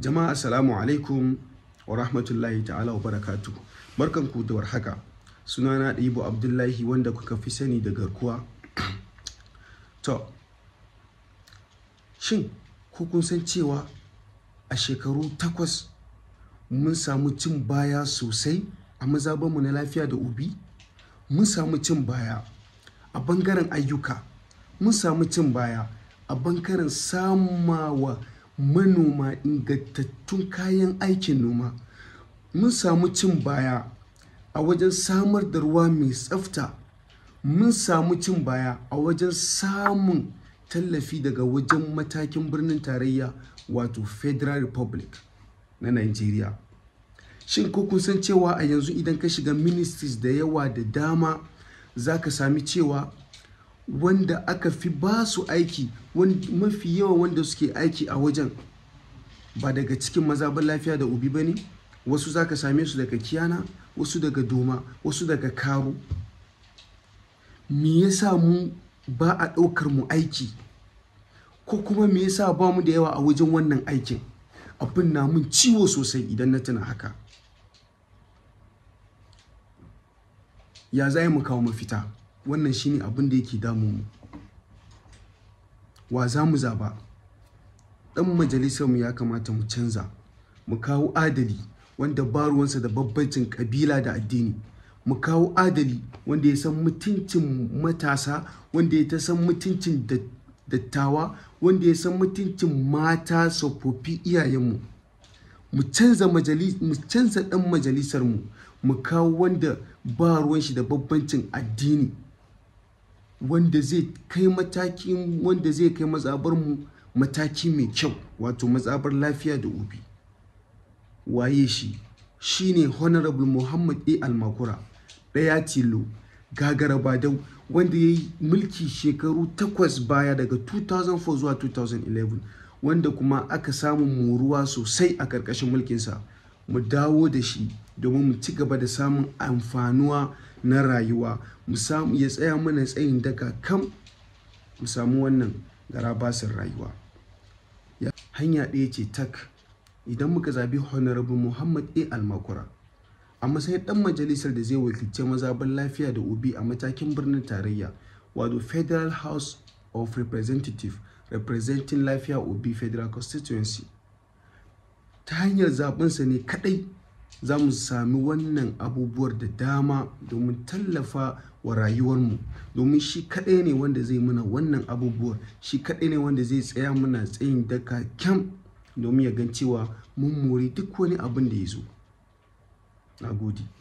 Jama'a assalamu alaikum wa rahmatullahi ta'ala wa barakatu. Barkanku da warhaka. Sunana Ɗibo Abdullahi wanda kuka fi sani da garkuwa. to, shin ko kun san cewa a shekaru takwas mun samu cin baya sosai a mazabanmu na lafiya da ubi? Mun samu cin baya a bangaren ayyuka, mun samu cin baya a bangaren samawa manoma ingantattun kayan aikin noma mun samu cin baya a wajen samar da ruwa mai tsafta mun samu cin baya a wajen samun tallafi daga wajen matakin birnin tarayya wato federal republic na nigeria shin ko kun san cewa a yanzu idan ka shiga ministries da yawa da dama za ka sami cewa wanda aka fi ba su aiki mafi yawa wanda suke aiki a wajen ba daga cikin maza ba lafiya da ubi ba ne wasu za ka same su daga kiyana wasu daga doma wasu daga Karo? me yasa mu ba a ɗaukar mu aiki ko kuma me sa ba mu da yawa a wajen wannan aikin abin na mun ciwo sosai idan na tuna haka ya za mu kawo mafita wannan shine abin da yake damu mu wa za mu zaba dan majalisar mu ya kamata mu canza mu kawo adali wanda ba ruwansa da babbancin kabila da addini mu kawo adali wanda ya san mutuncin matasa wanda ya ta san mutuncin dattawa wanda ya san mutuncin mata tsofaffi iyayenmu mu canza mu canza dan majalisar mu mu kawo wanda ba ruwan shi da babbancin addini wanda zai kai mataki wanda zai kai mazabar mu mataki mai kyau wato mazabar lafiya da ubi waye shi ne honorable muhammad a almakura ɗaya tilo gagara badau wanda ya yi mulki shekaru takwas baya daga 2004 zuwa 2011 wanda kuma aka samu moruwa sosai a ƙarƙashin mulkinsa mu dawo da shi domin mu ci gaba da samun amfanuwa na rayuwa ya tsaya mana tsayin daga kam mu samu wannan basin rayuwa hanya ɗaya ce tak idan muka zabi honorable muhammad a almakura a matsayin ɗan majalisar da zai wakilce mazaban lafiya da obi a matakin birnin tarayya wato federal house of representative representing lafiya obi federal constituency ta hanyar zaɓinsa ne kaɗai za mu sami wannan abubuwar da dama domin tallafa wa rayuwar mu, domin shi kaɗai ne wanda zai muna wannan abubuwar shi kaɗai ne wanda zai tsaya muna tsayin daka kyam domin ya gan cewa mun mori duk wani abin da ya zo na gode